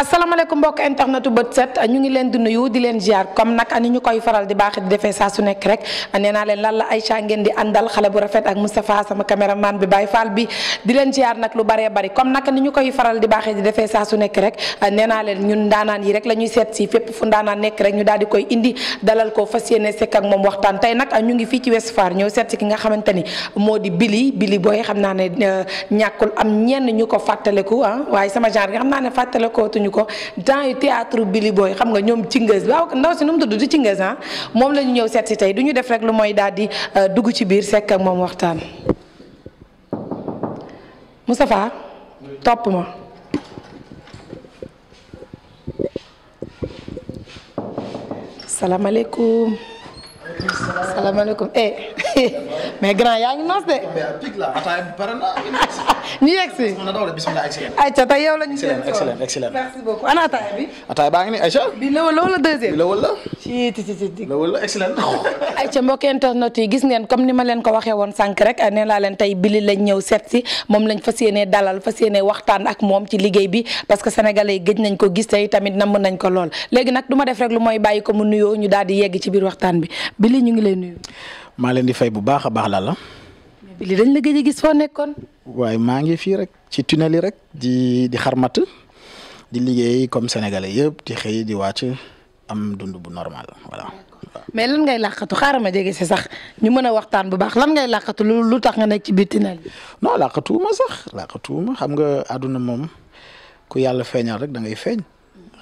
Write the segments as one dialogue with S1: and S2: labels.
S1: asalaamaaleykum mbokk internetu bët set ñu ngi leen di nuyu di leen ziar comme nag ni ñu koy faral di baax di defee saa su nekk rek nee naa leen lan la Aïcha ngeen di àndal xale bu rafet ak Moustapha di leen ziar nag ñu defee saa su nekk rek nee naa leen ñun ndaanaan yi rek la ñuy seet si fépp fu ndaanaan nekk rek ñu daal di koy indi dalal ko fas yéene sekk ak moom waxtaan tey nag ñu ngi fii ci Ouest Foire ñëw seet si ki nga xamante ni moo di Billy Billy booy xam naa ne euh, ñàkkul am ñenn ñu ko fàttaleku ah waaye sama genre nga xam naa ne fàttalekootuñu ñu ko temps yu théâtre Billy Boy xam nga ñoom Cingaz waaw ndaw si nu mu tudd di Cingaz ah moom la ñëw seet si tey du ñu def rek lu mooy daal di euh, dugg ci biir sekk ak moom waxtaan. Moustapha topp ma. salaamaaleykum. salaamaaleykum eh mais grand yaa ngi noos de.
S2: ñu yegg si. ayca tey yow la
S1: ñu. excellent excellent
S2: excellent. merci beaucoup ana ataaya bi. ataaya baa ngi nii Aïcha. la wala deuxième. bi lëwal la. ci ci ci lëwal
S1: gis neen comme ni ma leen ko waxee woon sànq rek eh, nee naa leen tey Billy lañ ñëw seet si moom lañ fas yéenee dalal fas yéenee waxtaan ak moom ci liggéey bi parce que sénégalais yi gëj nañ ko gis tey tamit namm nañ ko lool léegi nag du ma def rek lu mooy bàyyi ko mu nuyoo ñu daal di yegg ci biir waxtaan bi Billy ñu ngi lay nuyu.
S2: maa leen di fay bu baax a baax la
S1: dañ la gis foo nekkoon.
S2: waaye maa ngi fii rek ci tunnel rek di di xarmat di liggéey comme sénégalais yëpp di xëy di wàcc am dund bu normal voilà.
S1: mais lan ngay làqatu xaaral ma jege si sax ñu mën a waxtaan bu baax lan ngay làqatu lu lu tax nga nekk ci biir tunnel yi.
S2: non làqatuwuma sax làqatuwuma xam nga àdduna moom ku yàlla feeñal rek dangay feeñ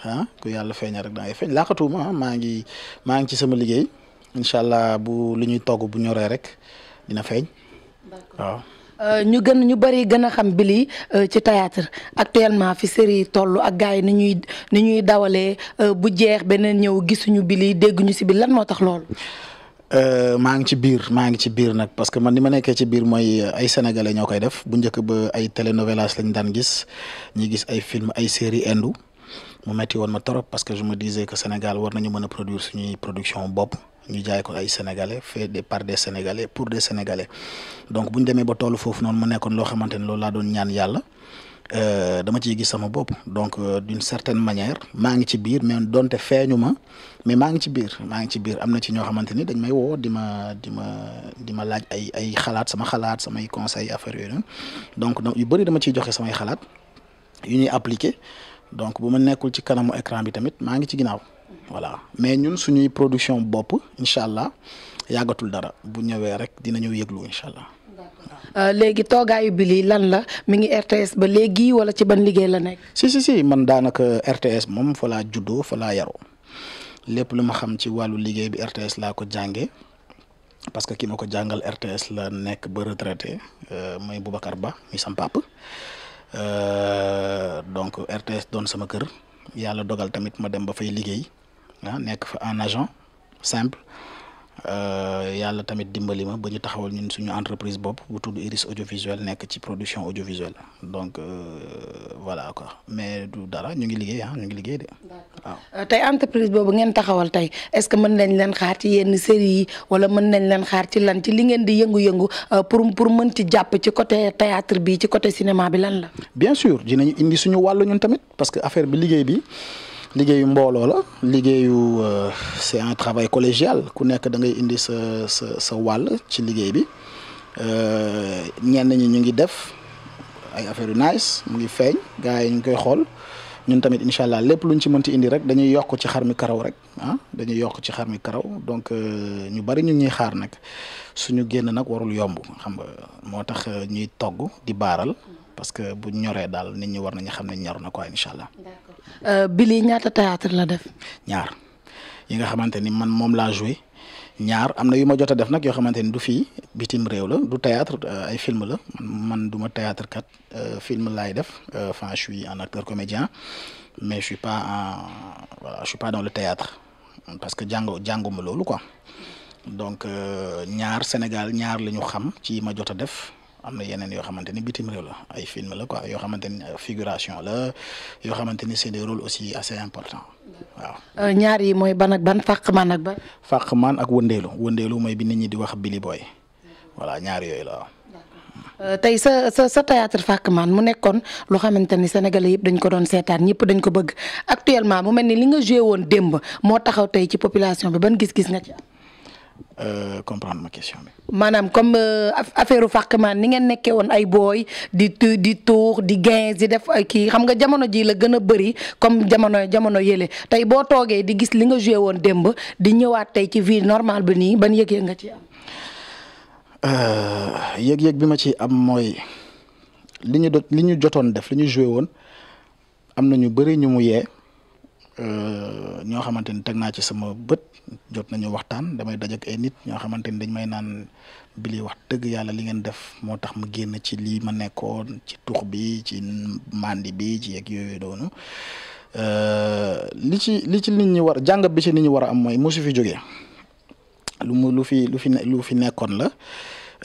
S2: ah ku yàlla feeñal rek da ngay maa ngi maa ngi ci sama liggéey. incha allah bu li ñuy togg bu ñoree rek dina feeñ waaw.
S1: Euh, ñu gën ñu bëri gën a xam Billy euh, ci théâtre actuellement fi série toll ak gars yi ni ñuy ni ñuy dawalee euh, bu jeex beneen ñëw gisuñu Billy dégguñu si bi lan moo tax loolu.
S2: maa ngi ci biir maa ngi ci biir nag parce que man ni ma nekkee ci biir mooy ay sénégalais ñoo koy def bu njëkk ba ay télénovelas lañ daan gis ñu gis ay film ay série indu mu metti woon ma trop parce que je me disais Sénégal war nañu mën a produire suñuy production bopp. ñu jaay ko ay sénégalais fait des par des sénégalais pour de sénégalais donc bu ñu ba toll foofu noonu ma nekkoon loo xamante ne loolu laa doon ñaan yàlla euh, dama ciy gis sama bopp donc euh, d'une certaine manière maa ngi ci biir mais donte feeñu ma mais maa ngi ci biir maa ngi ci biir am na ci ñoo xamante ni dañ may woo di ma di ma di ma laaj ay ay xalaat sama xalaat samay conseil affaire yooyu noonu donc yu bëri dama ciy joxe samay xalaat yu ñuy appliquer donc bu ma nekkul ci kanamu écran bi tamit maa ngi ci ginnaaw. voilà mais ñun suñuy production bopp incha allah yàggatul dara bu ñëwee rek dinañu yëglu incha allah. Euh, léegi toogaayu bi lii lan la mi ngi RTS ba léegi wala ci ban liggéey la nekk. si si si man daanaka RTS moom fa laa juddoo fa laa lépp lu ma xam ci wàllu liggéey bi RTS laa ko jàngee parce que ki ma ko jàngal RTS la nekk ba retraité euh, mooy Boubacar Ba muy sam euh, donc RTS doon sama kër yàlla dogal tamit ma dem ba fay liggéey. ah nekk fa un agent simple euh, yàlla tamit dimbali ma ba ñu taxawal ñun suñu entreprise boobu bu tudd Iris audiovisuel nekk ci production audiovisuelle donc euh, voilà quoi mais du dara ñu ngi liggéey ah ñu ngi liggéey de. waaw
S1: euh, tey entreprise boobu ngeen taxawal tey est-ce que mën nañ leen xaar ci yenn série yi wala mën nañ leen xaar ci lan ci li ngeen di yëngu-yëngu pour pour mën ci jàpp ci côté théâtre bi ci côté cinéma bi lan
S2: la. bien sûr dinañ indi suñu wàll ñun tamit parce que affaire bi liggéey bi. liggéeyu mbooloo la liggéeyu euh, c'est un travail collégial ku nekk dangay indi sa sa sa wàll ci liggéey bi euh, ñenn ñi ñu ngi def ay affaire yu nice mu ngi feeñ gars yi ñu ngi koy xool ñun tamit incha allah lépp lu luñ ci mënti indi rek dañuy yokk ci xar mi karaw rek ah dañuy yokk ci xar mi karaw donc euh, ñu bari ñu ñuy xaar nag suñu génn nag warul yomb xam nga moo tax ñuy togg di baaral. parce que bu ñoree daal nit ñi war nañu xam ne ñor na quoi incha allah. d'accord
S1: euh, Billy ñaata théâtre la def.
S2: ñaar yi nga xamante ni man moom la joué ñaar am na yu ma jot def nag yoo xamante ni du fii bitim réew la du théâtre euh, ay film la man du ma théâtre kat euh, film lay def fa je suis un acteur comédien mais je suis pas en voilà je le théâtre parce que jàngu jànguma loolu quoi donc ñaar Sénégal ñaar la xam ci yi ma def. am na yeneen yoo xamante ni bitim réew la ay film la ko yoo xamante ni euh, figuration la yoo xamante ni c'est des rôles aussi assez importants waaw. Euh, ñaar yi mooy ban ban fàq man ak ban. fàq man ak wëndeelu wëndeelu mooy bi nit ñi di wax Billy Boy voilà ñaar yooyu la
S1: euh, tey sa sa sa théâtre Fakman mu nekkoon loo xamante ni sénégalais yëpp dañ ko doon seetaan ñëpp dañ ko bëgg actuellement mu mel ni li nga joué woon démb moo taxaw tey ci population bi ban gis-gis nga ci
S2: Euh, comprendre ma question bi.
S1: maanaam comme euh, affaire fàqmaan ni ngeen nekkee woon ay booy di di tuur di gains di def ay kii xam nga jamono ji la gën a bëri comme jamono jamono yële tey boo toogee di gis li nga joué woon démb di ñëwaat tey ci vie normale bi nii ban yëg-yëg nga ci am.
S2: Euh, yëg-yëg bi ma ci am mooy li ñu do li ñu jotoon def li ñu joué woon am na ñu bëri ñu mu yee. Euh, ñoo xamante ni teg naa ci sama bët jot nañu waxtaan damay dajak ay nit ñoo xamante ni dañ may naan bili wax dëgg yàlla li ngeen def moo tax mu génn ci lii ma nekkoon ci tux bi ci mandi bi ci yeeg yooyu doonu euh, li ci li ci nit ñu war jàngat bi ci nit ñu war a am mooy mosu fi jógee lu mu lu fi lu fi lu fi nekkoon la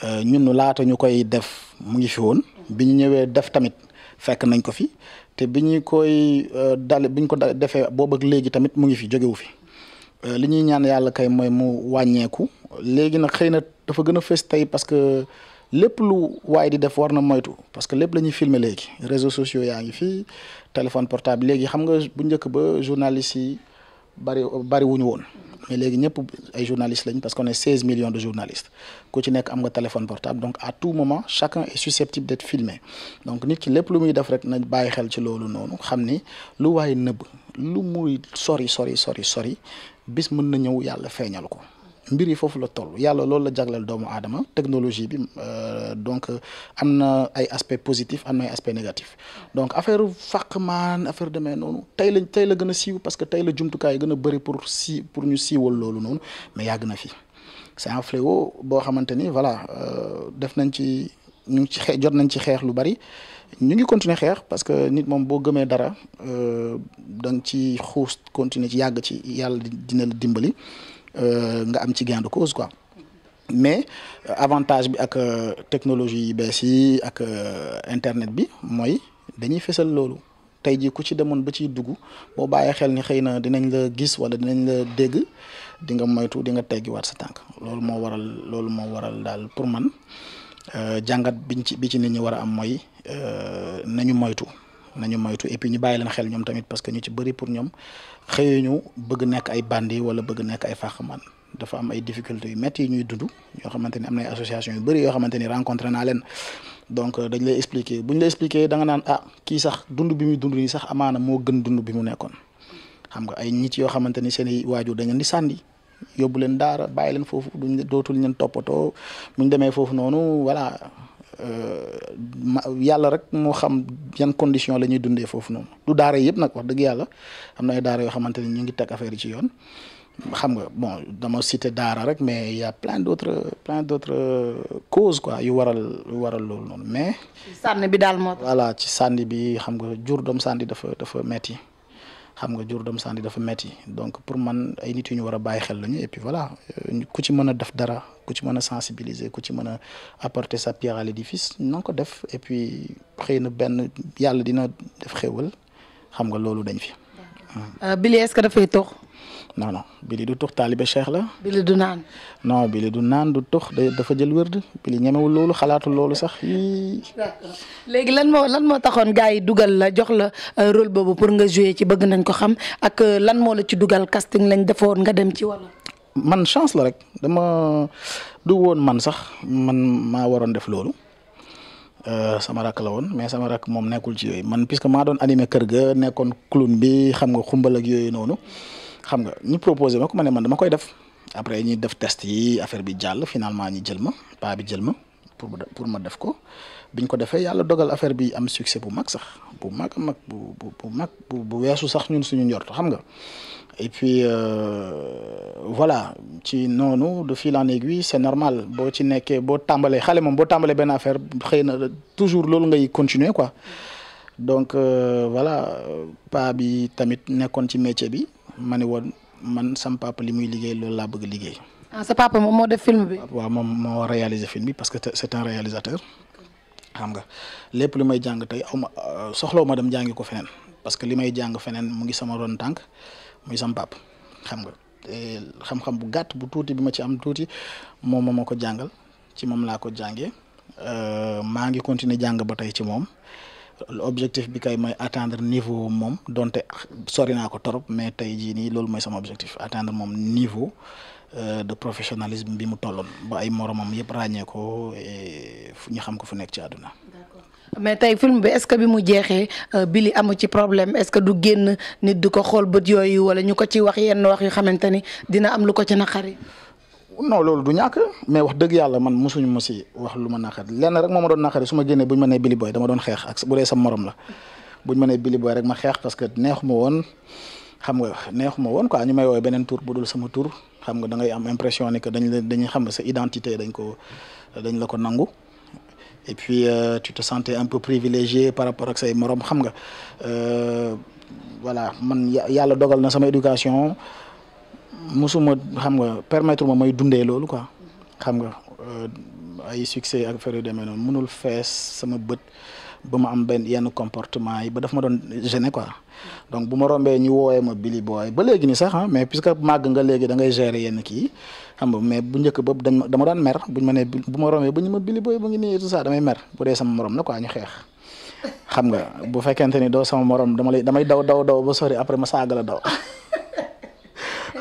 S2: euh, ñun laata ñu koy def mu ngi fi woon bi ñu ñëwee def tamit fekk nañ ko fi te bi ñu koy euh, dale bi ñu ko defee boobu ak léegi tamit mu ngi fi jógewu fi euh, li ñuy ñaan yàlla kay mooy mu wàññeeku léegi nag xëy na dafa gën a fës tey parce que lépp lu waaye di def war na moytu parce que lépp lañuy ñuy filmer léegi réseaux sociaux yaa ngi fi téléphone portable léegi xam nga bu njëkk ba journaliste yi bari bari woon mais léegi ñëpp ay journalistes lañ parce qu'on est seize millions de journalistes ku ci nekk am nga téléphone portable donc à tout moment chacun est susceptible d'être filmé donc nit ki lépp lu muy def rek nañ bàyyi xel ci loolu noonu xam ni lu waaye nëbb lu muy sori sori sori sori bis mën na ñëw yàlla feeñal ko mbir yi foofu la toll yàlla loolu la jagleel doomu aadama technologie bi euh, donc euh, am na ay aspect positif am na ay aspect négatif donc affaire fàq maan affaire demee noonu tey la tey la gën a siiw parce que tey la jumtukaay gën a bëri pour si pour ñu siiwal loolu noonu mais yàgg na fi c'est un fléau boo xamante ni voilà euh, def nañ ci ñu ngi ci xee jot nañ ci xeex lu bari ñu ngi continuer xeex parce que nit moom boo gëmee dara da nga ci xuus continuer ci yàgg ci yàlla dina la dimbali Euh, nga am ci gain de cause quoi mais euh, avantage bi ak euh, technologie yi bees yi ak internet bi mooy dañuy fesal loolu tey jii ku ci demoon ba ciy dugg boo bàyyee xel ni xëy na dinañ la gis wala dinañ la dégg dinga nga moytu di nga teggiwaat sa tànk loolu moo waral loolu moo waral daal pour man jàngat biñ ci bi ci nit ñi war a am mooy nañu moytu. nañu moytu et puis ñu bàyyi leen xel ñoom tamit parce que ñu ci bëri pour ñoom xëyuñu bëgg nekk ay bandi wala bëgg nekk ay fàqman dafa am ay difficultés yu métti yi ñuy dund ñoo xamante ni am na ay association yu bëri yoo xamante ni rencontré naa leen donc euh, dañ lay expliquer bu ñu lay expliquer danga naan ah kii sax dund bi muy dund nii sax amaana moo gën dund bi mu nekkoon xam nga ay nit yoo xamante ni seen i waajur dañ leen di sànni yóbbu leen daar bàyyi leen foofu duñ dootul leen toppatoo buñ demee foofu noonu voilà Euh, ma yàlla rek moo xam yan condition la ñuy dundee foofu noonu du daara yëpp nag wax dëgg yàlla am na ay daara yoo xamante ni ñu ngi teg affaire yi ci yoon xam nga bon dama cité daara rek mais il y a plein d'autres plein d'autres quoi yu waral yu waral loolu noonu mais. sànni bi daal moo. voilà ci sànni bi xam nga jur doom sànni dafa dafa metti xam nga jur doomu sànni dafa metti donc pour man ay nit yu ñu war a bàyyi xel lañu et puis voilà euh, ku ci mën a def dara ku ci mën a sensibiliser ku ci mën a apporter sa pierre à l'édifice na ko def et puis xëy na benn yàlla dina def xewal xam nga loolu dañ fi. Euh, Billy est dafay tox non non Billy du tux taalibe Cheikh la. Billy du naan. non Billy du naan du tux dafa jël wérd Billy ñemewul loolu xalaatul loolu sax. léegi
S1: lan moo lan moo taxoon gaa yi dugal la jox la euh, rôle boobu pour nga jouer ci bëgg nañ ko xam ak euh, lan moo la ci dugal casting lañ defoon nga dem ci wala.
S2: man chance la rek dama du woon man sax man maa waroon def loolu. Euh, sama rakk la woon mais sama rakk moom nekkul ci yooyu man puisque maa doon animé kër ga nekkoon clown bi xam nga xumbal yooyu noonu. xam nga ñu proposé ma ko ma ne man dama koy def après ñuy def test yi affaire bi jàll finalement ñi jël ma paa bi jël ma pour pour ma def ko biñ ko defee yàlla dogal affaire bi am succès bu mag sax bu mag mag bu bu bu mag bu bu weesu sax ñun suñu njort xam nga et puis euh, voilà ci noonu de fil en aiguille c'est normal boo ci nekkee boo tàmbalee xale moom boo tàmbalee benn affaire xëy na toujours loolu ngay continuer ko donc euh, voilà paa bi tamit nekkoon ci métier bi. ma ne woon man sam li muy liggéey loolu laa bëgg liggéey.
S1: ah sa papa moom moo def film bi.
S2: waaw moom moo réalisé film bi parce que c'est un réalisateur xam nga lépp li may jàng tey aw ma euh, soxlawu ma dem jàngi ko feneen parce que li may jàng feneen mu ngi sama ron tànk muy sam papa xam nga xam-xam bu gàtt bu tuuti bi ma ci am tuuti moom moo ma ko jàngal ci moom laa ko jàngee euh, maa ngi continuer jàng ba tey ci moom. objectif bi kay mooy attendre niveau moom donte sori naa ko torop mais tey jii nii loolu mooy sama objectif atteindre moom niveau euh, de professionnalisme bi mu tolloon ba ay moromam yëpp ràññee ko fu ñu xam ko fu nekk ci àdduna.
S1: mais tey film bi est-ce que bi mu jeexee euh, Billy amu ci problème est-ce que du génn nit du ko xool bët yooyu wala ñu ko ci wax yenn wax yu xamante ni dina am lu ko ci naqari.
S2: non loolu du ñàkk mais wax dëgg yàlla man mosuñu ma wax lu ma naqari lenn rek moo a doon naqari su ma génnee bu ñu ma nee Billy Boy dama doon xeex ak bu dee sa morom la bu ñu ma nee Billy rek ma xeex parce que neexu ma woon xam nga neexu ma woon quoi ñu may woowee beneen tur bu dul sama tour xam nga da ngay am impression ni que dañ la dañuy xam ne dañ ko dañ la ko nangu et puis euh, tu te sentais un peu privilégié par rapport ak say morom xam nga euh, voilà man yàlla dogal na sama éducation. musuma xam nga permettre ma may dundee loolu quoi xam nga euh, ay succès ak affaire yu demee mënul fees sama bët ba ma am benn yenn comportement yi ba daf ma doon gêner quoi donc bu ma rombee ñu woowee ma Billy Boy ba léegi ni sax ah mais puisque màgg nga léegi da ngay gérer yenn kii xam nga mais bu njëkk boobu dañ dama daan mer buñ ma nee bu ma rombee bu ñu ma Billy Boy ba ngi nii tout ça damay dee sama morom la quoi xeex xam nga bu fekkente ni doo sama morom dama lay damay daw daw daw ba sori après ma saaga la daw.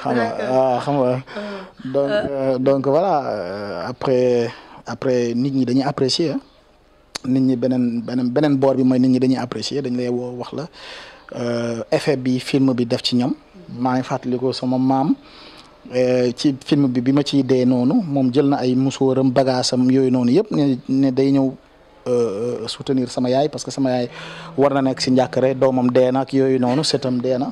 S2: xam nga waaw xam donc euh, euh, donc voilà euh, après après nit ñi dañuy apprécier nit ñi beneen beneen beneen boor bi mooy nit ñi dañuy apprécier dañ lay woo wax la effet bi film bi def ci ñoom maa ngi fàttaliku sama maam ci film bi bi ma ciy dee noonu moom jël na ay musóoram bagaasam yooyu noonu yëpp ne ne day ñëw soutenir sama yaay parce que sama yaay war na nekk si njàkkare doomam dee na ak yooyu noonu setam dee na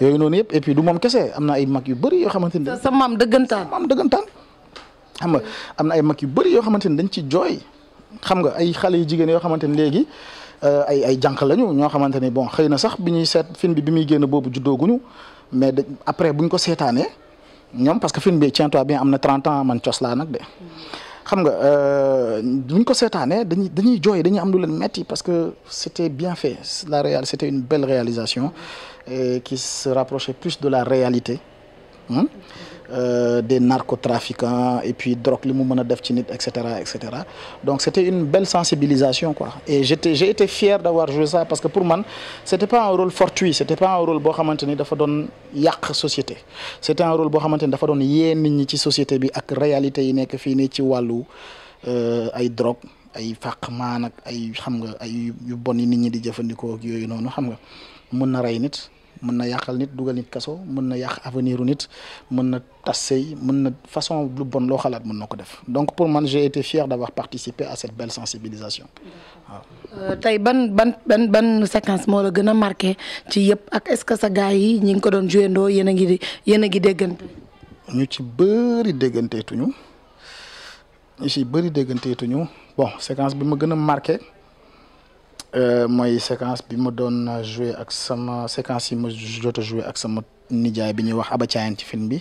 S2: yooyu noonu yëpp et puis du moom kese am na ay mag yu bëri yoo xamante ni. sa maam dëggantaan maam dëggantaan. xam nga am na ay mag yu bëri yoo xamante ni dañ ci jooy xam nga ay xale yu jigéen yoo xamante ni léegi euh, ay ay jànq lañu ñoo xamante ni bon xëy na sax bi ñuy seet film bi bi muy génn boobu juddooguñu mais après buñ ko seetaanee ñoom parce que film bi tiens-toi bien am na 30 ans man cos laa nag de. xam nga euh, duñ ko seetaanee dañuy dañuy jooy dañuy am lu leen metti parce que c'était bien fait la réal c'était une belle réalisation et euh, qui se rapprochait plus de la réalité. Hein? Euh, des narcotrafiquants et puis drogue li mu mën a def ci nit et cetera et cetera donc c' une belle sensibilisation quoi et j' fier d' avoir joué parce que pour man c' était pas un rôle fortuit c' était pas un rôle boo xamante ni dafa doon yàq société c' était un rôle boo xamante ni dafa doon yee nit ñi ci société bi ak réalité yi nekk fii nii ci wàllu euh, ay drogue ay fàq maan ay xam nga ay yu bon nit ñi di jëfandikoo ak yooyu noonu xam nga mun na rey nit. mën na yàqal nit dugal nit kaso mën na yàq avenir nit mën na tas sëy mën na façon lu bon loo xalaat mën na ko def donc pour man j'ai été fier d'avoir participé à cette belle sensibilisation waaw euh, tey ban ban
S1: ban séquence moo la gën a marqué ci yëpp ak est-ce que sa gars yi ñi ngi ko doon jouendoo yéen a ngi di
S2: yéen a ngi déggante ñu ci bëri dégganteetuñu ñu ci bëri dégganteetuñu bon séquence bi ma gën a marqué Euh, mooy séquence bi ma doon joué ak sama séquence yi ma jot a ak sama nijaay bi ñuy wax Aba Thiagne ci film bi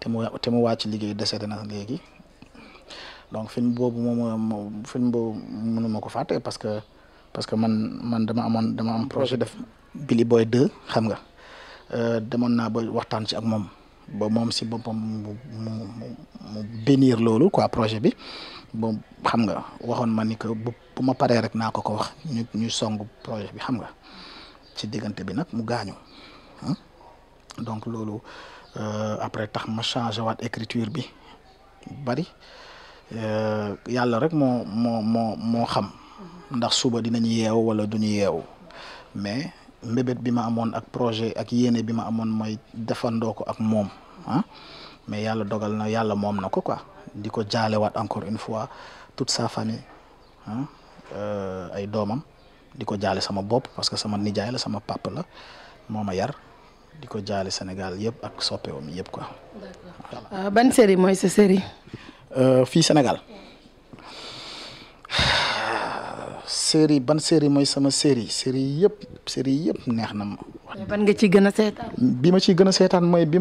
S2: te mu te mu wàcc liggéey décédé na léegi donc film boobu moom film boobu mënuma ko fàtte parce que parce que man man dama amoon dama am projet def Billy Boy 2 xam nga euh, demoon naa ba waxtaan ci ak moom ba moom si boppam mu mu mu bénir loolu quoi projet bi. ba xam nga waxoon ma ni que bu bu ma paree rek naa ko ko wax ñu ñu song projet bi xam nga ci diggante bi nag mu gaañu donc loolu euh, après tax ma changé waat écriture bi bari euh, yàlla rek moo moo moo moo xam ndax suba dinañ yeew wala duñu yeew mais mbébét bi ma amoon ak projet ak yéene bi ma amoon mooy defandoo ko ak moom ah mais yàlla dogal na yàlla moom na ko quoi di ko jaalewaat encore une fois tout sa famille ah ay doomam di ko jaale sama bopp parce que sama nijaay la sama papa la moo ma yar di ko jaale Sénégal yëpp ak soppeewam yëpp quoi. d'accord euh, ban série mooy sa série. Euh, fii Sénégal série ban série mooy sama série série yëpp série yëpp neex na ma.
S1: ban ci gën
S2: seetaan. mooy bi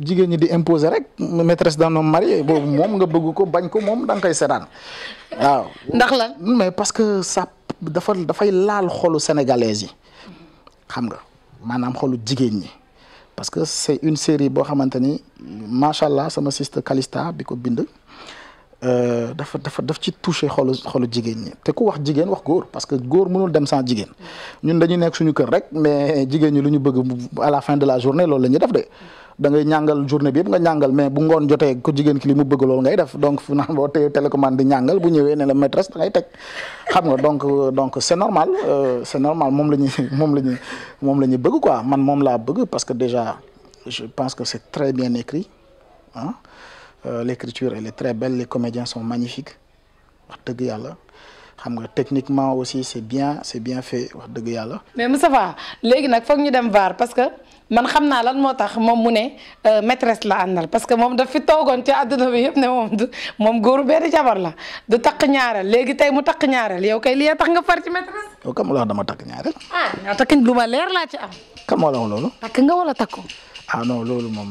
S2: jigéen ñi di imposer rek maîtresse d'un homme boobu moom nga bëgg ko bañ ko moom da nga koy waaw. ndax la mais parce que ça dafa dafay laal xolu sénégalaises yi xam nga maanaam xolu jigéen ñi parce que c'est une série boo xamante ni macha allah sama sister Calista bi ko bind. Euh, dafa dafa daf ci touché xolu xolu jigéen ñi te ku wax jigéen wax góor parce que góor mënul dem sans jigéen ñun dañu nekk suñu kër rek mais jigéen ñi lu ñu bëgg à la fin de la journée loolu la ñuy def de. da ngay ñàngal journée bi yëpp nga ñàngal mais bu ngoon jotee ku jigéen ki li mu bëgg loolu ngay def donc fu naan boo téye télécommande ñàngal bu ñëwee ne la maîtresse teg xam nga donc donc c'est normal euh, c'est normal moom la ñuy moom la ñuy moom la ñuy bëgg quoi man moom laa bëgg parce que déjà je pense que c'est très bien écrit ah l'écriture elle est très belle lee comédiens sont magnifiques wax dëgg yàlla xam nga techniquement aussi c'est bien c'est bien fait wax dëgg yàlla.
S1: mais Moustapha léegi man xam naa lan moo tax moom mu ne euh, maîtresse la àndal parce que moom daf fi toogoon ci àdduna bi yëpp ne moom du moom góoru benn jabar la du takk ñaareel léegi tey mu takk ñaareel yow kay li tax nga far ci maîtresse.
S2: yow kam la wax dama takk ñaareel.
S1: ah ñoo takk lu ma leer laa ci am.
S2: kam moo la wax loolu.
S1: takk nga wala takku.
S2: ah non loolu moom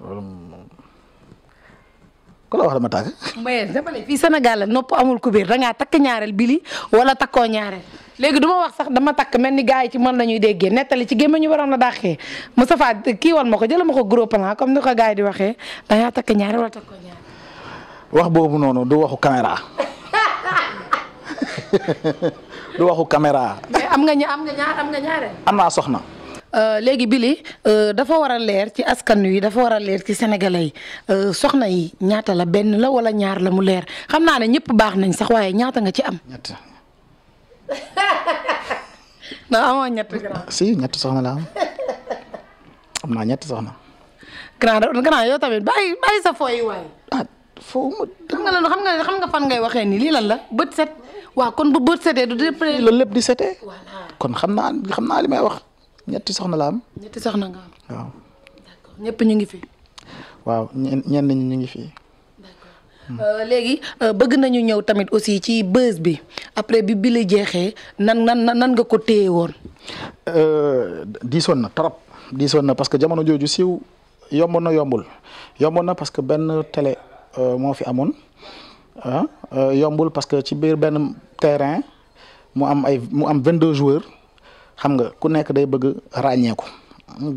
S2: loolu moom ku la wax dama tàgg.
S1: Mbaye dama fii Sénégal nopp amul ku biir da takk ñaareel bili wala takkoo ñaareel léegi du wax sax dama takk mel ni gars yi ci mën la ñuy déggee nettali ci gémmiñu borom la dàqee Moustapha kii woon ma ko jël ma ko gros plan comme ni ko gars yi di waxee da takk ñaareel wala takkoo
S2: wax boobu noonu du waxu caméra du waxu caméra. am nga ña am am nga ñaareel. am naa soxna.
S1: Euh, léegi Billy euh, dafa war a leer ci askan wi dafa war a leer ci sénégalais yi euh, soxna yi ñaata la benn la wala ñaar la mu leer xam naa ne ñëpp baax nañ sax waaye ñaata nga ci am.
S2: ñett. ndax ñett grand. si ñett soxna la am
S1: am naa yow tamit bàyyi bàyyi sa fooyi waay. Ah, foo xam nga xam nga xam nga fan ngay waxee nii lii lan la bët set. waaw kon bu bët setee du lépp. loolu lépp di setee.
S2: kon xam naa xam naa wax. ñetti soxna la am.
S1: ñetti soxna nga
S2: am. waaw. d'accord ñu ngi fi. waaw ñenn ñi ñu ngi fi.
S1: Hmm. Euh, léegi euh, bëgg nañu ñëw tamit aussi ci bës bi après bi bi la jeexee
S2: nan nan nan nga ko téye woon. Euh, diisoon na trop diisoon na parce que jamono jooju siiw yomboon na yombul yomboon na parce que benn télé moo fi amoon ah yombul parce que ci biir benn terrain mu am ay mu am vingt 22 joueurs. xam nga ku nekk day bëgg ràññeeku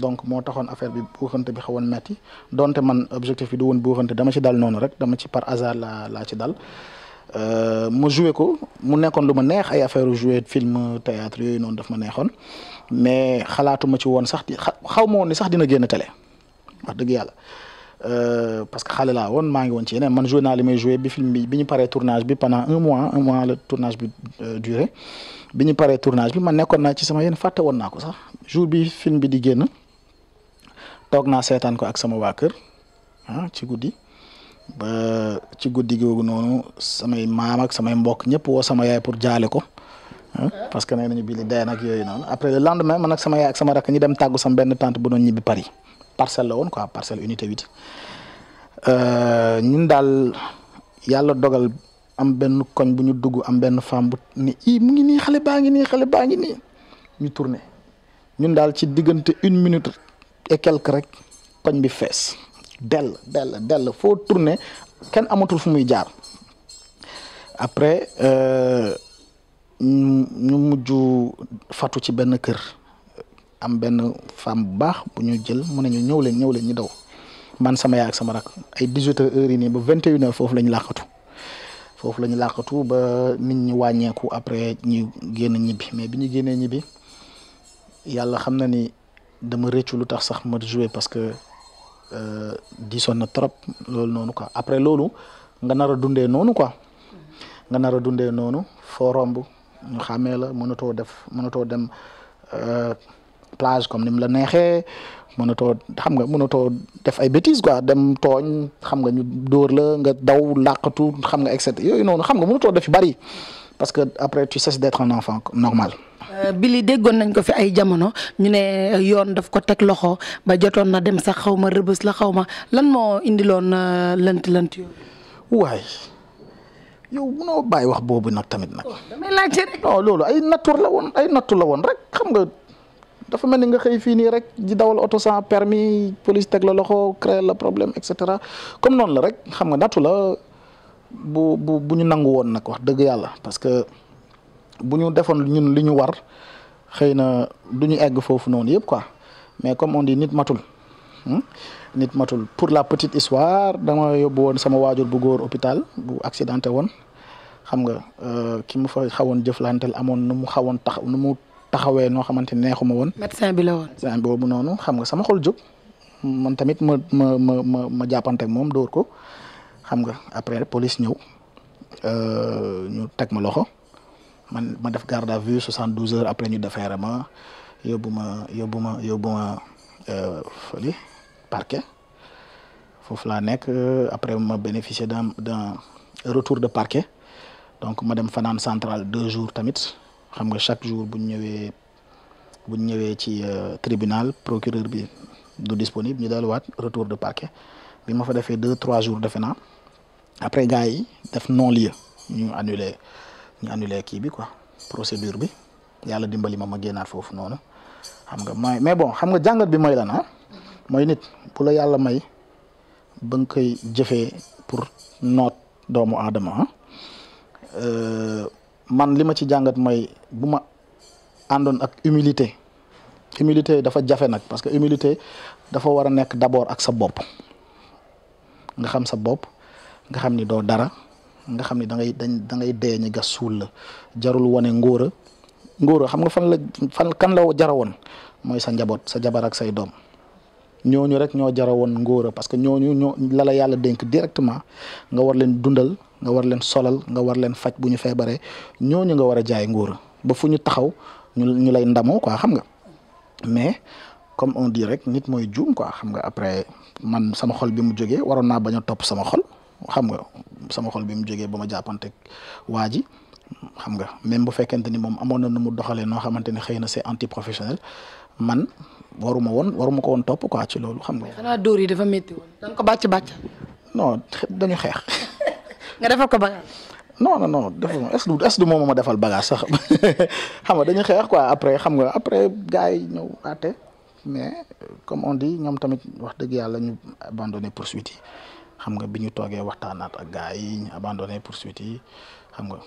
S2: donc moo taxoon affaire bi buuxante bi xawoon metti donte man objectif bi du woon buuxante dama ci dal noonu rek dama ci par hasard laa laa ci dal euh, ma joué ko mu nekkoon lu ma neex ay affaire joué film théâtre yooyu noonu daf ma neexoon mais xalaatuma ci woon sax xaw ma woon ni sax dina génn télé wax dëgg yàlla Euh, parce que xale laa woon maa ngi woon ci yeneen man joué naa li may joué bi film bi bi ñu paree tournage bi pendant un mois un mois la tournage bi euh, duré bi ñu paree tournage bi man nekkoon naa ci sama yéen fàtte woon naa ko sax jour bi film bi di génn naa seetaan ko ak sama waa kër ah ci guddi ba ci guddi googu noonu samay maam ak samay mbokk ñëpp woo sama yaay pour jaale ko ah, parce que nee nañu bi li dee nag yooyu noonu après le lendemain man ak sama yaay ak sama rakk ñi dem tàggu sama benn tante bu doon ñibbi Paris. parcelle la woon a parcelle unité 8 euh, ñun daal yàlla dogal am benn koñ bu ñu dugg am benn femme bu ni i mu ngi nii xale baa ngi nii xale baa ngi nii ñu tourné ñun daal ci diggante une minute et quelque rek koñ bi fees dell dell dell foo tourné kenn amatul fu muy jaar après euh, ñu mujj fatu ci benn kër am benn femme bu baax bu ñu jël mu ne ñu ñëw leen ñëw leen ñu daw man sama ak sama rak ay dix huit heures yi nii ba vingt et une heures foofu lañ ñu foofu la ñu làqatu ba nit ñi wàññeeku après ñu génn ñibbi mais bi ñu génnee ñibbi yàlla xam na ni dama rëccu lu tax sax ma joué parce que euh, diisoon na trop loolu noonu ko après loolu nga nar a dundee noonu ko nga nar a dundee noonu foo romb ñu xàmmee la mënatoo def mënatoo dem. Euh, plage comme ni mu la neexee mënatoo xam nga mënatoo def ay bêtises quoi dem tooñ xam nga ñu dóor la nga daw làqatu xam nga et cetera yooyu noonu xam nga mënatoo def yu bari parce que après tu cesses d'être un enfant normal.
S1: Euh, Billy déggoon nañ ko fi ay jamono ñu ne euh, yoon daf ko teg loxo ba jotoon na dem sax xaw ma rëbës la xaw ma lan moo indiloon euh, lënt lant yooyu.
S2: waay yow munoo bàyyi wax boobu nag tamit nag. Oh, loolu ay nattu la woon rek dafa mel ni nga xëy fii nii rek di dawal oto sans permis police teg la loxo créer la problème et cetera comme noonu la rek xam nga nattu la bu bu bu ñu nangu woon nag wax dëgg yàlla parce que bu ñu defoon ñun li ñu war xëy na du ñu egg foofu noonu yëpp quoi mais comme on dit nit matul hmm? nit matul pour la petite histoire dama yóbbu woon sama waajur bu góor hôpital bu accidente woon xam nga euh, ki mu fa xawoon jëflanteel amoon nu mu xawoon tax nu mu taxawee noo xamante ne neexuma woon. médecin bi la woon. médecin boobu xam nga sama xol jóg man tamit ma ma ma ma ma jàppante moom dóor ko xam nga après police ñëw euh, ñu teg ma loxo man ma def garde à vue soixante douze heures après ñu defeere ma ma yóbbu ma yóbbu ma euh, fële foofu laa nekk euh, après ma bénéficier d'un d'un retour de parquet donc ma dem fanaan centrale deux jours tamit. xam nga chaque jour buñ ñëwee buñ ñëwee ci euh, tribunal procureur bi du disponible ñu delluwaat retour de parquet bi ma fa defee deux trois jours defe naa après gars yi def non lieu ñu annulé ñu kii bi quoi procédure bi yàlla dimbali ma ma génnaat foofu noonu xam nga may mais bon xam nga jàngat bi may la ah mooy nit bu la yàlla may ba nga koy jëfee pour noot doomu aadama ah. Euh, man li ma ci jàngat mooy bu ma àndoon ak humilité humilité dafa jafe nag parce que humilité dafa war a nekk d'abord ak sa bopp nga xam sa bopp nga xam ni doo dara nga xam ni da ngay dañ da ngay dee ñi gas suul la jarul wane ngóora ngóora xam nga fan la fan kan la jara woon mooy sa njaboot sa jabar ak say doom ñooñu rek ñoo jara woon ngóora parce que ñooñu ñoo la la yàlla dénk directement nga war leen dundal nga war leen solal nga war leen faj bu ñu feebaree ñooñu nga war a jaay ngóor ba fu ñu taxaw ñu ñu lay ndamoo ko xam nga mais comme on dit rek nit mooy juum quoi xam nga après man sama xol bi mu jógee waroon naa bañ a topp sama xol xam nga sama xol bi mu jógee ba ma jàppante waa ji xam nga même bu fekkente ni moom amoon na nu mu doxalee noo xamante ni xëy na c'est anti professionnel man waruma woon waruma ko woon topp quoi ci loolu xam nga. bàcc bàcc. non dañu xeex.
S1: nga defal ko bagage.
S2: non non non def est-ce que est-ce ma defal bagage sax xam nga dañuy xeex quoi après xam nga après gars yi ñëw àtte mais comme on dit ñoom tamit wax dëgg yàlla ñu abandonné pour yi xam nga bi ñu toogee waxtaanaat ak gars yi ñu abandonné poursuite yi xam nga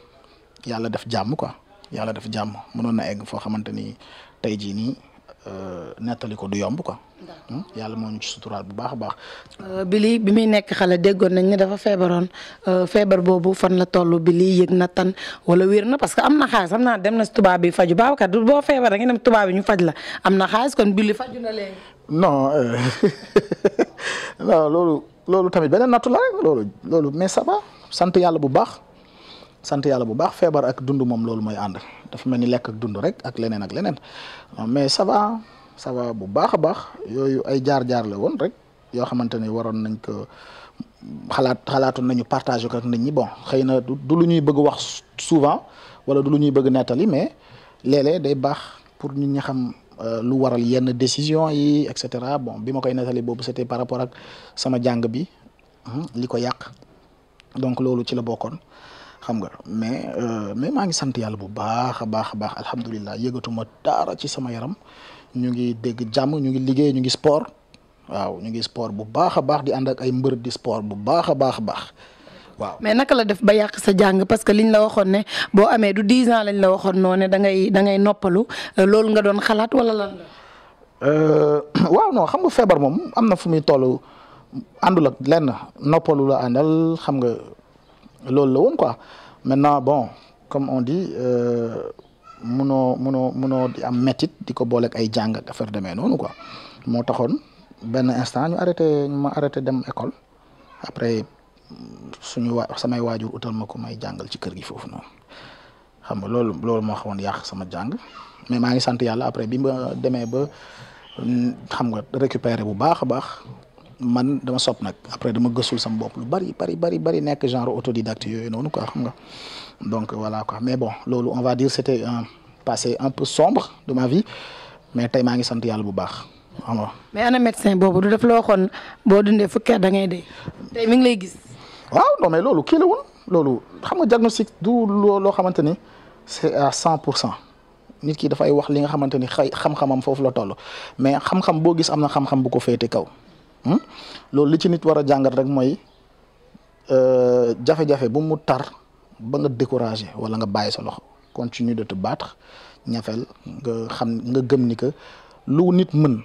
S2: yàlla def jàmm quoi yàlla def jàmm mënoon na egg foo xamante ni Euh, nettali ko du yomb quoi. Hmm? yàlla moo ñu ci suturaal bu baax a baax.
S1: Euh, Billy bi muy nekk xale déggoon nañ ne dafa feebaroon euh, feebar boobu fan la toll Billy yëg na tan wala wér na parce que am na xaalis am naa dem na si tubaab bi faju Babacar du boo feebar da nga dem tubaab bi ñu faj la am na xaalis kon Billy faju na léegi. non
S2: loolu tamit beneen nattu la rek loolu loolu mais ça va sant yàlla bu baax. sant yàlla bu baax feebar ak dund moom loolu mooy ànd dafa mel ni lekk ak dund rek ak leneen ak leneen ah, mais ça va ça bu baax a baax yooyu ay jaar-jaar la woon rek yoo xamante ni waroon nañ ko xalaat xalaatoon nañu partage ko ak nit ñi bon xëy na du lu ñuy bëgg wax souvent wala du lu ñuy bëgg nettali mais léeg day baax pour nit ñi xam euh, lu waral yenn décision yi et cetera bon bi ma koy nettali boobu c'était par rapport ak sama jàng bi hmm, li ko yàq donc loolu ci la bokkoon xam nga mais euh, mais maa ngi sant yàlla bu baax a baax a baax alhamdulilah yëgatuma dara ci sama yaram ñu ngi dégg jàmm ñu ngi liggéey ñu ngi sport waaw ñu ngi sport bu baax a baax di ànd ak ay mbër di spoor bu baax a baax a baax waaw.
S1: mais naka la def ba yàq sa jàng parce que liñ la waxoon ne boo amee du 10 ans lañ la waxoon noo dangay da ngay da noppalu loolu nga doon xalaat
S2: wala lan euh, waaw non xam nga feebar moom am na fu muy toll àndul lenn noppalu la loolu la woon quoi maintenant bon comme on dit euh, munoo munoo munoo di am métit di ko booleeg ay jàng ak affaire demee noonu quoi moo taxoon benn instant ñu arrêté ñu ma arrêté dem école après suñu waa samay waajur utal ma ko may jàngal ci kër gi foofu noonu xam nga loolu loolu moo xawoon yàq sama jàng mais maa ngi sant yàlla après bi ma demee ba xam nga récupérer bu baax a baax man dama sopp nag après dama gëstul sama bop lu bari bari bari bari nekk genre autodidacte yooyu noonu quoi xam nga donc voilà quoi mais bon loolu on va dire c'était un passé un peu sombre de ma vie mais tey maa ngi sant yàlla bu baax xam nga.
S1: mais ana médecin boobu du def loo xoon boo dundee fukki at da ngay dee
S2: tey mi ngi lay gis. waaw non mais loolu kii la woon loolu xam nga diagnostic du loo xamante ni c'est à cent pour cent nit ki dafay wax li nga xamante ni xay xam-xamam foofu la toll mais xam boo gis am na xam bu ko féete kaw. Hmm? loolu li ci nit war a jàngat rek mooy euh, jafe-jafe bu mu tar ba nga découragé wala nga bàyyi sa loxo continue de te battre ñafel nga xam nga gëm ni que lu nit mën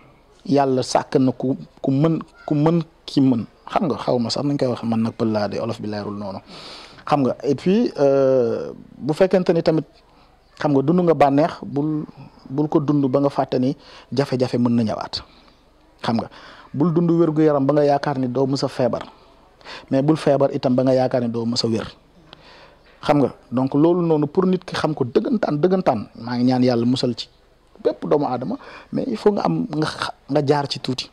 S2: yàlla sàkk na ku ku mën ku mën ki mën xam nga xawma sax nañ koy wax man na pël laa de olof bi leerul noonu xam nga et puis euh, bu fekkente ni tamit xam nga dund nga bànneex bul bul ko dund ba nga fàttani ni jafe-jafe mën na ñëwaat xam nga bul dund wér-gu-yaram ba nga yaakaar ni doo mës feebar mais bul feebar itam ba nga yaakaar ni doo mës a wér xam nga donc loolu noonu pour nit ki xam ko dëggantaan dëggantaan maa ngi ñaan yàlla musal ci bépp doomu aadama mais il faut nga am nga nga jaar ci tuuti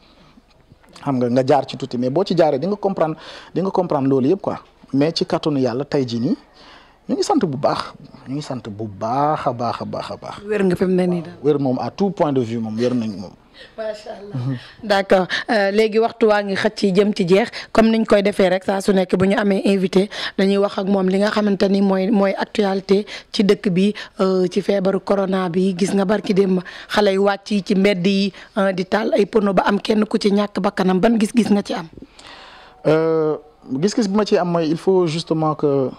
S2: xam nga nga jaar ci tuuti mais boo ci jaaree di nga comprendre di nga comprendre loolu yëpp quoi mais ci kàttanu yàlla tey jii nii ñu ngi sant bu baax ñu ngi sant bu baax a baax a baax a baax. wér nga fi mu ne nii de vue moom wér nañ moom. macha allah mhm. d'
S1: accord euh, léegi waxtu waa ngi xëcc jëm ci jeex comme niñ koy defee rek saa su nekk bu ñu amee invité dañuy wax ak moom li nga xamante ni mooy mooy actualité ci dëkk bi euh, ci feebaru corona bi gis nga barki démb xale yu wàcc ci mbedd yi euh, di taal ay pono ba am kenn
S2: ku ci ñàkk bakkanam ban gis-gis nga ci am. gis-gis bi ma ci am mooy il faut justement que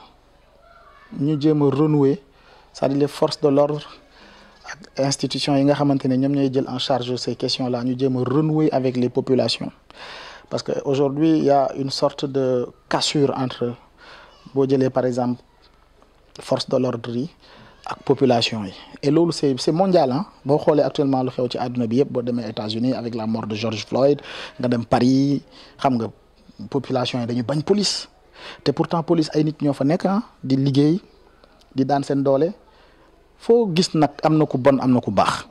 S2: ñu jéem a renouer c'est-à-dire de l'ordre ak institution yi nga xamante ne ñoom ñooy jël en charge ces question là ñu jéem a renouer avec les populations parce que aujourd'hui il une sorte de cassure entre boo jëlee par exemple force de l'ordre ak population yi et loolu c'est mondial ah boo xoolee actuellement lu xew ci àdduna bi yëpp boo demee États-Unis avec la mort de George Floyd nga dem Paris xam nga population yi dañu bañ police te pourtant police ay nit ñoo fa nekk di liggéey di daan seen doole foo gis nag am na ku bon am na ku baax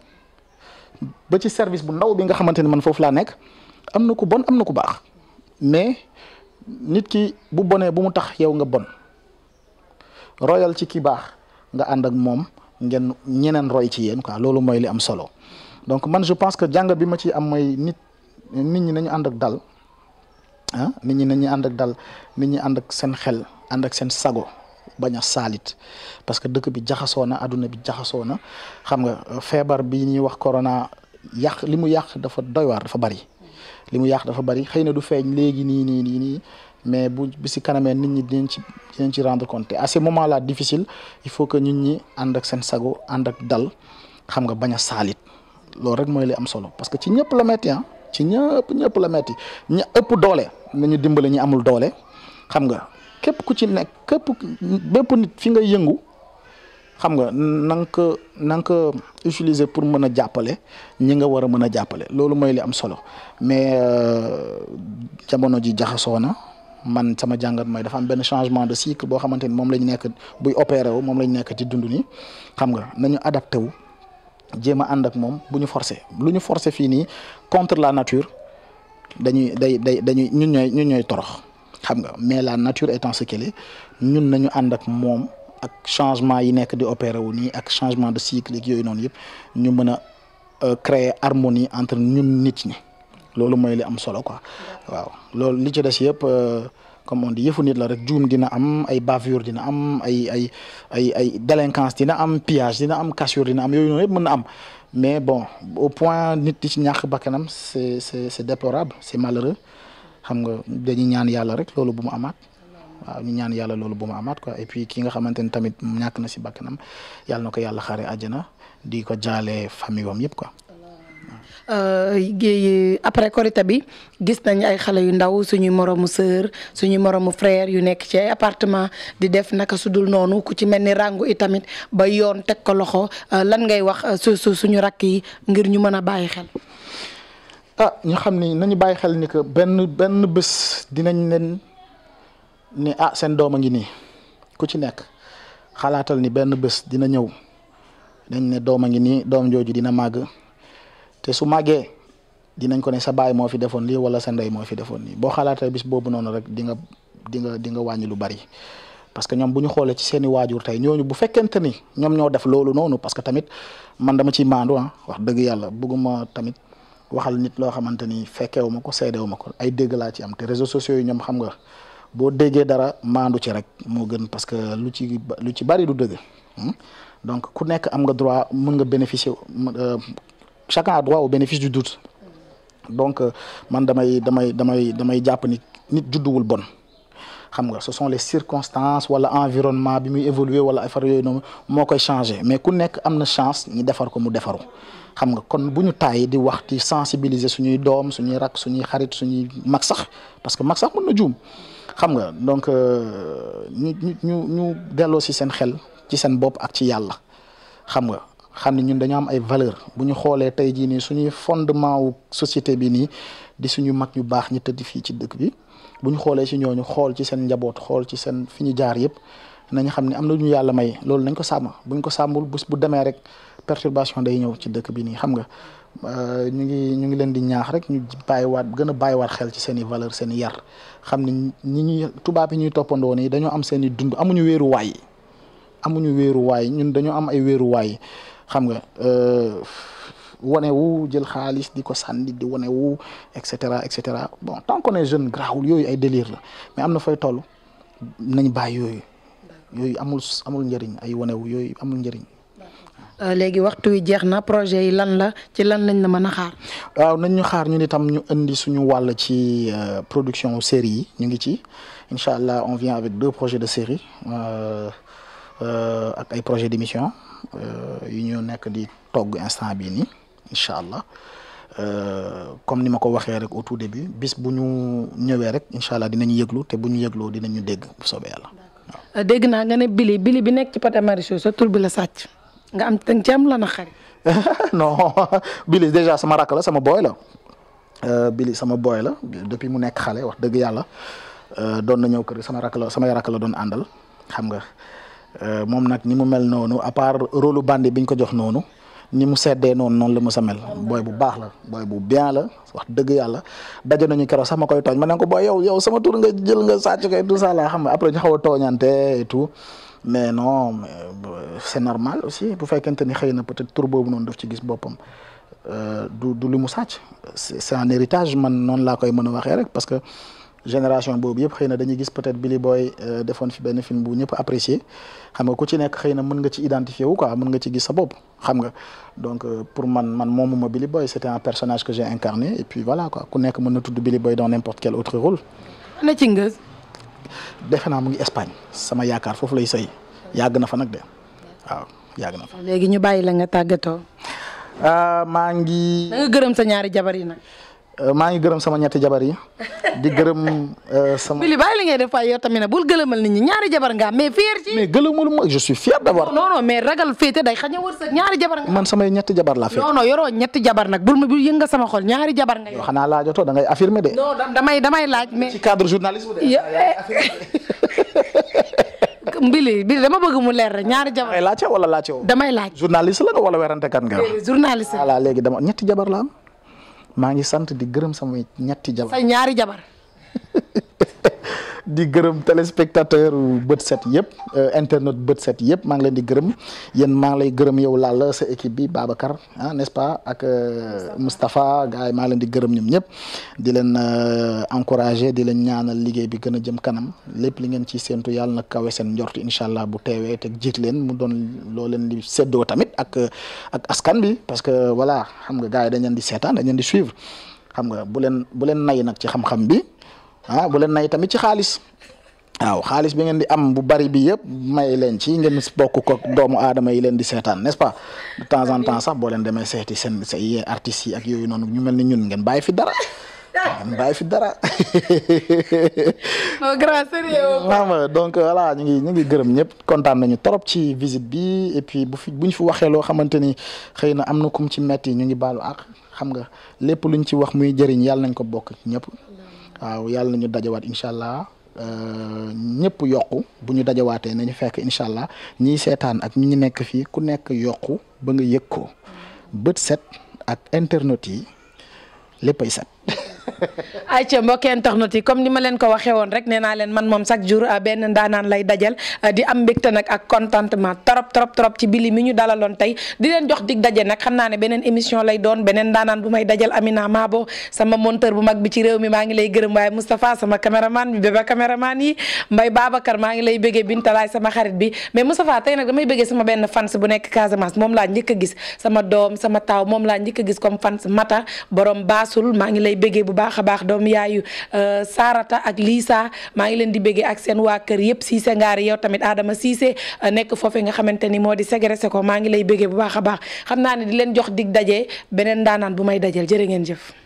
S2: ba ci service bu ndaw bi nga xamante ne man foofu laa nekk am na ku bon am na ku baax mais nit ki bu bonee bu mu tax yow nga bon royal ci ki baax nga ànd ak moom ngeen ñeneen roy ci yéen quoi loolu mooy li am solo donc man je pense que jàngat bi ma ci am mooy nit nit ñi nañu ànd ak dal ah nit ñi nañu ànd ak dal nit ànd ak seen xel ànd ak seen sago. bañ a saalit parce que dëkk bi jaxasoo na adduna bi jaxasoo na xam nga euh, feebar bi ñuy wax corona yàq li mu yàq dafa doy waar dafa bari li mu yàq dafa bari xëy na du feeñ léegi nii nii nii nii mais bu bi si kanamee nit ñi dinañ ci dinañ ci rendre compte à ce moment laa difficile il faut que nit ñi ànd ak seen sago ànd ak dal xam nga bañ a saalit loolu rek mooy lay am solo parce que ci ñëpp la metti ah ci ñëpp ñëpp la metti ña ëpp doole nañu dimbale ñi amul doole xam nga képp ku ci nekk képp bépp nit fi nga yëngu xam nga na nga ko na ko utiliser pour mën a jàppale ñi nga war a mën a jàppale loolu mooy li am solo mais euh, jamono ji jaxasoo na man sama jàngat mooy dafa am benn changement de cycle boo xamante ni moom lañ nekk buy opéré wu moom lañ nekk ci dund ni xam nga nañu adapté wu jéem a ànd ak moom bu ñu forcé lu ñu forcé fii nii contre la nature dañuy day day dañuy ñun ñooy ñun ñooy torox. xam nga mais la nature et ce qu'elle ñun nañu ànd ak moom ak changement yi nekk di opéré wu nii ak changement de cycle ak yooyu noonu yëpp ñu mën a euh, créer harmonie entre ñun nit ñi loolu mooy li am solo ko waaw loolu li ci des yëpp euh, comme on dit yëfu nit la rek juum dina am ay bavure dina am ay ay ay ay délinquance dina am pillage dina am cassure dina am yooyu noonu yëpp mën na am mais bon au point nit di ci ñàkk bakkanam c'est c'est c'est déplorable c'est malheureux xam nga dañuy ñaan yàlla rek loolu bu mu amaat waaw ñu ñaan yàlla loolu bu mu amaat quoi et puis ki nga xamante ni tamit ñàkk na si nam yàlla na ko yàlla xaare àjjana di ko jaale famille wam yëpp quoi.
S1: Euh, géey après korité bi gis nañ ay xale yu ndaw suñuy moromu sœur suñuy moromu frère yu nekk ci ay appartement di def naka su dul noonu ku ci mel ni ràngu i tamit ba yoon teg ko loxo euh, lan ngay wax euh, su suñu rakk yi ngir ñu mën a bàyyi xel.
S2: a ah, ñu xam ni nañu bàyyi xel ni que benn benn bés dinañ leen ni ah seen doom a ngi nii ku ci nekk xalaatal ni benn bés dina ñëw dañ ne doom a ngi nii doom jooju dina màgg te su màggee dinañ ko ne sa baay moo fi defoon lii wala sa ndey moo fi defoon nii boo xalaatee bis boobu noonu rek di nga dinga nga wàññi lu bari parce que ñoom bu ñu xoolee ci seeni waajur tey ñooñu bu fekkente ni ñoom ñoo def loolu noonu parce que tamit man dama ciy maandu ah wax dëgg yàlla bëgguma tamit. waxal nit loo xamante ni fekkewu ko seedewu ma ko ay dégg laa ci am te réseaux sociaux yi ñoom xam nga boo déggee dara maandu ci rek moo gën parce que lu ci lu ci bari du dëgg hmm? donc ku nekk am nga droit mën nga bénéficier euh, chacun a droit au bénéfice du doute donc euh, man damay damay damay damay jàpp ni nit judduwul bon xam nga ce sont les circonstances wala environnement bi muy évoluer wala affaire yooyu noonu moo koy changer mais ku nekk am na chance ñu defar ko mu defaru xam nga kon bu ñu tàyyi di wax di sensibiliser suñuy doom suñuy rak suñuy xarit suñuy mag sax parce que mag sax mën na juum xam nga donc euh, ñu ñu ñu ñu delloo si seen xel ci seen bopp ak ci yàlla xam nga xam ne ñun dañoo am ay valeur bu ñu xoolee tey jii nii suñuy fondement wu société bi nii di suñu mag ñu baax ñi tëdd fii ci dëkk bi bu ñu xoolee si ñooñu xool ci seen njaboot xool ci seen fi ñu jaar nañ xam ne am na ñu yàlla may loolu nañ ko sàmm buñ ko sàmmul bu demee rek. perturbation day ñëw ci dëkk bi nii xam nga euh, ñu ngi ñu ngi leen di ñaax rek ñu bàyyiwaat gën a waat xel ci seeni valeur seen i yar xam ni ñi ñuy tubaab yi ñuy toppandoo nii dañoo am seeni dund amuñu waay amuñu wéeruwaay ñun dañoo am ay wéeruwaay xam nga euh, wane wu jël xaalis di ko sànni di wane wu et cetera et cetera bon tant qu'on est jeune grawul yooyu ay délire la mais am na fay toll nañ bàyyi yooyu yooyu amul amul njëriñ ay wane yooyu amul njëriñ.
S1: Euh, léegi waxtu wi jeex na projet yi lan la ci lan lañ na mën a xaar.
S2: waaw nañ ñu xaar ñun itam ñu indi suñu wàll ci euh, production série yi ñu ngi ci incha allah on vient avec deux projets de série euh, ak ay projets d'émission yu ñu nekk di togg instant bi nii incha allah. comme ni ma ko waxee rek au tout début bis bu ñu ñëwee rek incha allah dinañu yëglu te bu ñu yëgloo dinañu dégg bu soobee yàlla.
S1: dégg naa nga ne bili bili bi nekk ci pâté Marichou sa tur bi la sàcc. nga am da nga ci am la
S2: naqari. non Billy déjà sama rakk la sama booy la euh, Billy sama booy la depuis mu nekk xale wax dëgg yàlla euh, doon na ñëw kër sama rakk la samay la doon àndal xam nga euh, moom nag ni mu mel noonu à part rôle lu bandi biñ ko jox noonu. ni mu seddee noonu noonu la mu sa mel booy bu baax la booy bu bien la wax dëgg yàlla daje nañu keroog sax ma koy tooñ ma ne ko booy yaw yaw sama tur nga jël nga sàcc ko tout ça la xam nga après ñu xaw a tooñante et tout mais non euh, c'est normal aussi bu fekkente ni xëy na peut-être tur boobu noonu daf ci gis boppam euh, du du li mu sàcc c'est un héritage man noonu laa koy mën a waxee rek génération boobu yëpp xëy na dañuy gis peut-être Billy Boy euh, defoon fi benn film bu ñëpp apprécié xam nga ku ci nekk xëy na mën nga ci identifier wu quoi mën nga ci gis sa bopp xam nga donc euh, pour man moomuma Billy Boy c'était un personnage que j'ai incarné et puis voilà quoi ku nekk mën na tudd Billy Boy dans n'importe autre rôle. ana ci ngës. defe naa mu ngi Espagne sama yaakaar foofu lay sëy yàgg na fa nag de waaw yàgg na fa.
S1: léegi ñu bàyyi la nga
S2: tàggatoo. Ah, Euh, maa ngi gërëm sama ñetti jabar yi di gërëm euh, sama. Billy bàyyi
S1: li ngay def waaye yow tamit nag bul gëlëmal nit ñi ñaari jabar nga mais fier ci.
S2: mais gëlëmul ma je suis fier d'abord.
S1: non non mais ragal féete day a ñaari jabar
S2: man samay ñetti jabar laa féete. non non
S1: yoroo ñetti jabar na bul ma bul yënga sama xol ñaari jabar nga.
S2: yow xanaa laajatoo da ngay affirmer de.
S1: non damay damay laaj mais. ci cadre journalisme de. Mbili Mbili dama bëgg mu leer rek ñaari jabar. damay laajte wala laajte woo. damay laaj journaliste la wala
S2: werante kan nga. journaliste voilà léegi dama ñetti jabar la maa ngi sant di gërëm samay ñetti jabar. say
S1: ñaari jabar.
S2: di gërëm téléspectateur bët set yëpp euh, internet bët set yëpp maa ngi leen di gërëm yéen maa ngi lay gërëm yow Lalla sa équipe bi Babacar ah n'est-ce pas ak euh, Moustapha gars yi maa ngi leen di gërëm ñoom ñëpp di leen euh, encourager di leen ñaanal liggéey bi gën a jëm kanam lépp li ngeen ci séentu yàlla na kawe seen njort incha allah bu teewee teg jiit leen mu doon loo leen di séddoo tamit ak ak askan bi parce que voilà xam nga gars yi dañ leen di seetaan dañ leen di suivre xam nga bu leen bu leen nay nag ci xam bi ah bu leen nay tamit ci xaalis waaw xaalis bi ngeen di am bu bari bi yëpp may leen ci ngeen bokk ko doomu aadama yi leen di seetaan n'est-ce pas temps en temps sax boo leen demee seeti seen say artistes yi ak yooyu noonu ñu mel ni ñun ngeen baay fi dara. ngeen bàyyi fi dara. non grand sérieux donc voilà ñu ngi ñu ngi gërëm ñëpp kontaan nañu trop ci visite bi et puis bu fi buñ fi waxee loo xamante ni xëy na am na kum ci metti ñu ngi baalu ak xam nga lépp luñ ci wax muy jëriñ yàlla nañ ko bokk ñëpp. waaw yàlla na nañu dajawaat incha allah euh, ñëpp yokku bu ñu dajawaatee ñu fekk incha allah ñiy seetaan ak ñi nekk fii ku nekk yokku ba nga yëg ko bët set ak internet yi léppay set.
S1: ayca mbokki internet yi comme ni ma leen ko waxee woon rek nee naa leen man moom chaque jour euh, benn ndaanaan lay dajal euh, di am mbégte nag ak contentement trop trop ci bili mi ñu dalaloon tey di leen jox dig daje nag xam naa ne beneen émission lay doon beneen ndaanaan bu may dajal Amina Mabo sama monteur bu mag bi ci réew mi maa ngi lay gërëm waaye Moustapha sama caméraman bi béba caméraman yi Mbaye Babacar maa ngi lay bëggee Bintalaay sama xarit bi mais Moustapha tey nag damay bëggee sama benn fans bu nekk Casamance moom laa njëkk a gis sama sama taaw moom laa njëkk a gis comme fans Mata borom baasul maa ngi lay bëggee baax a baax doom yaayu euh, Sarata ak Lisa maa ngi leen di béggee ak seen waa kër yëpp Cissé ngaari yow tamit Adama Cissé euh, nekk foofee nga xamante ni moo di ségressé ko maa ngi lay béggee bu baax a baax xam naa ni di leen jox dig daje beneen ndaanaan bu may dajel jërë ngeen jëf